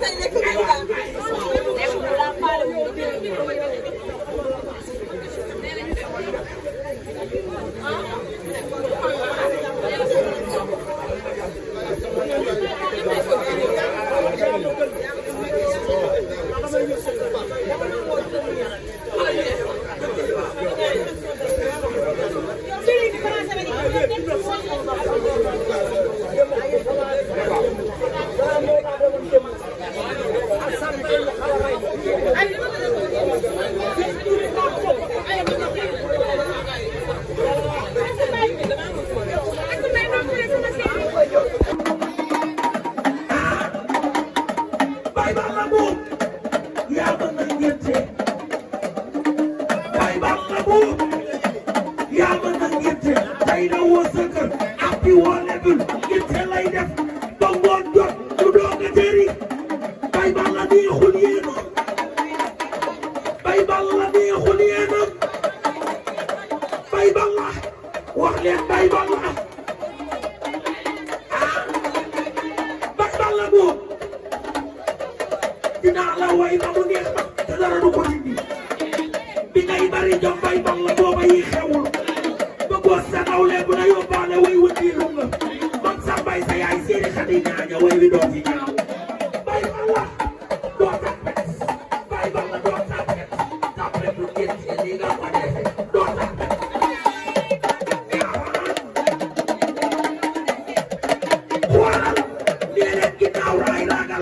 tey nekk ay boobu am ah bas bal la boobu dinaa la way ba mu neex ba te dara du ko dindi bi ngay bari jom bay bal la booba yi xewul ba góor sa nawle bu la yóbbaale way wëndiilu nga man sa mbay sa yaay séeri xadi ñaaña way wi doon yi ñaaw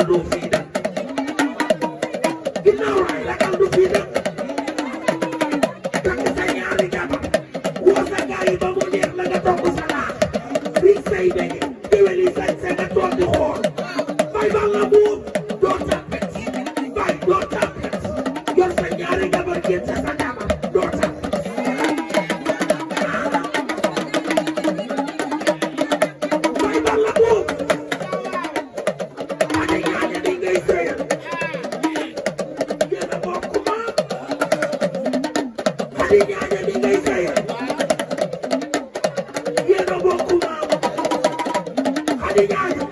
àndoo Let me die.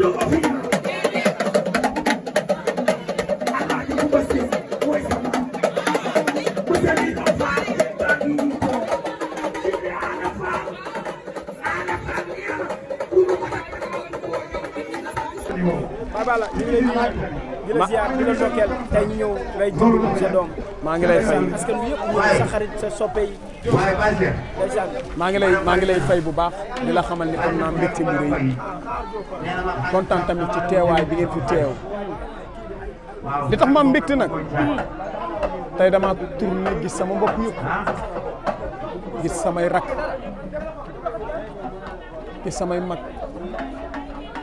a you. di la ziar di la maa ngi lay fay askan maa ngi lay maa ngi lay fay bu baax di la xamal ni am naa mbégte mu rëy kontaan tamit ci teewaay bi ngeen fi teew li tax ma mbégte nag tey dama tourné gis sama mbokk yëpp gis samay rak gis samay mag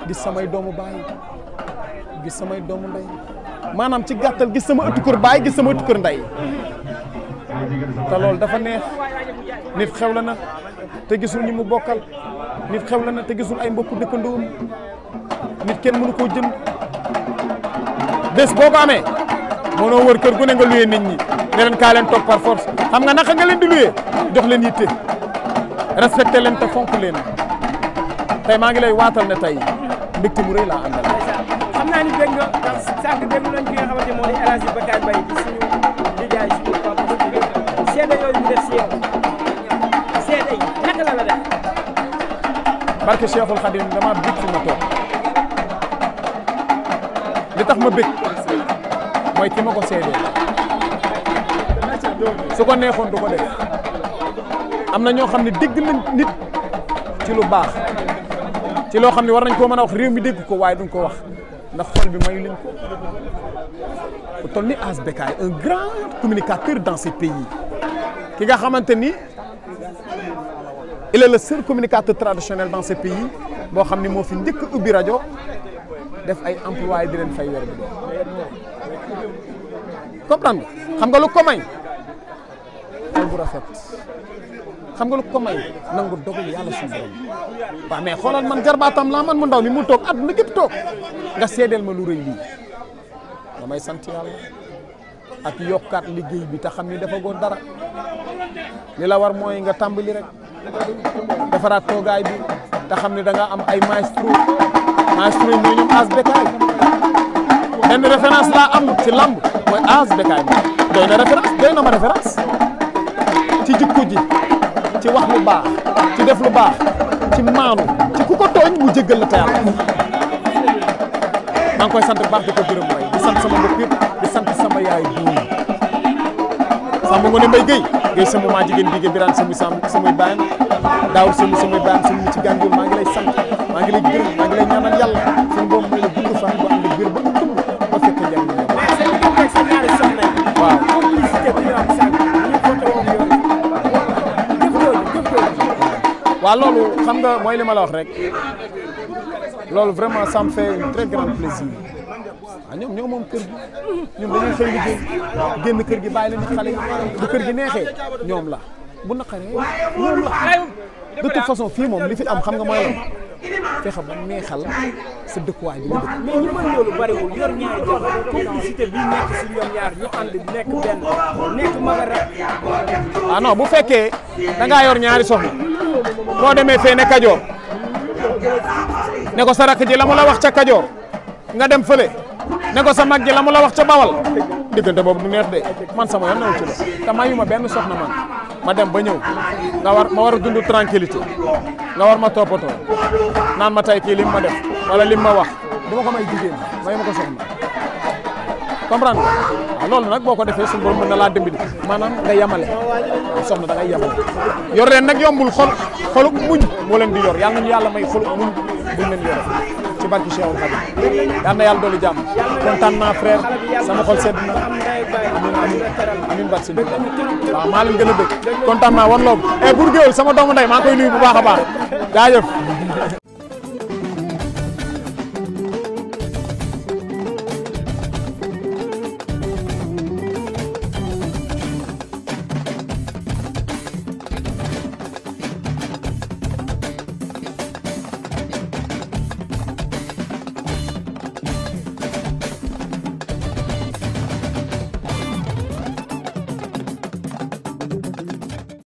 gis samay doomu baay. gis samay doomu ndey maanaam ci gàttal gis sama ëttu kër baay gis sama ëttu kër ndey te loolu dafa neex nit xew la na te gisul ñi mu bokkal nit xew la na te gisul ay mbokku dëkkandoom nit kenn mënu koo jënd bés boo ko amee mënoo wër kër gu ne nga luyee nit ñi ne leen kaa leen toog par xam nga naka nga leen di luyee jox leen yitte respecté leen te fonk leen tey maa ngi lay waatal ne tey mbégte mu rëy laa àndal sànq déglu nañ ki nga xamante moo barke Cheikhul Khadim dama bég fi ma toog li tax ma bég mooy ki ko seedee su ko neexoon du ko am na ñoo xam ne dégg nañ nit ci lu baax ci loo xam ne war nañ koo man a wax réew mi dégg ko waaye duñ ko wax ndax xol bi mayu leen ko ku toll ni As Bécaye un grand communicateur dans ce pays ki nga xamante ni la est le seul communicateur traditionnel dans ce pays boo xam ni moo fi njëkk ubbi rajo def ay employé di leen fay weer bi comprendre nga xam nga lu ko may xol bu rafet xam nga lu ko may nangu dogal yàlla suñu borom waaw mais xoolal man jarbaatam laa man mu ndaw mi mu toog na gépp toog nga seedeel ma lu rëy lii damay sant yàlla ak yokkaat liggéey bi te xam ni dafa goon dara li la war mooy nga tàmbali rek defaraat toogaay bi te xam ne danga nga am ay maestro maestro yi mooy ñoom as bekaay benn am ci lamb mooy as na référence doy na ma référence ci jikko ji ci wax lu baax ci def lu baax ci maanu ci ku ko tooñ mu jéggal la tayal maa ngi koy sant bu baax di ko gërëm mooy di sant sama mbokk yëpp di sant sama yaay buum sàmm nga ne mbay gay ngay sama maa jigéen bi gay biraan sama sàmm samay baayam daaw sama samay baayam sama ci gàncax maa ngi lay sant maa ngi lay gërëm maa ngi lay ñaanal yàlla suñu boobu waa loolu xam nga mooy li ma la wax rek loolu vraiment sam me fait un très grand plaisir ah ñoom ñoo moom kër gi ñun dañuy xëy liggéey génn kër gi bàyyi leen xale bu kër gi neexee ñoom la bu naqaree ñoom la façon fii moom li fi am xam nga mooy lan fexe ba neexal dëkkuwaay bi nga dëkk. yor ñaari jox bi nekk si ñoom a ah, bu fekkee da yor ñaari soxna. boo demee fee ne Kajoor ne ko sa rakk ji la mu wax ca Kajoor nga dem fële ne ko sa mag ji a wax ca Bawal diggante boobu du neex de man sama yoon naw ci la te ma benn soxna man ma dem ba ñëw nga war ma war a dund tranquillité nga war ma toppatoo naan ma tay lim ma def wala lim ma wax dama ko may jigéen mayu ma ko soxna comprendre nga waaw loolu nag boo ko defee suñu borom mën na laa dimbali nga yamale soxna da ngay yabal yor leen nag yombul xol xoluk muñ moo leen di yor yàlla nañu yàlla may xoluk muñ buñ leen yore ci barki Cheikhul Khadim yal na yàlla dolli jàmm kontaan naa frère sama xol sedd na amin amin amin bat si waaw maa leen gën a bëgg kontaan naa e bour sama doomu maa koy nuyu bu baax a baax jaajëf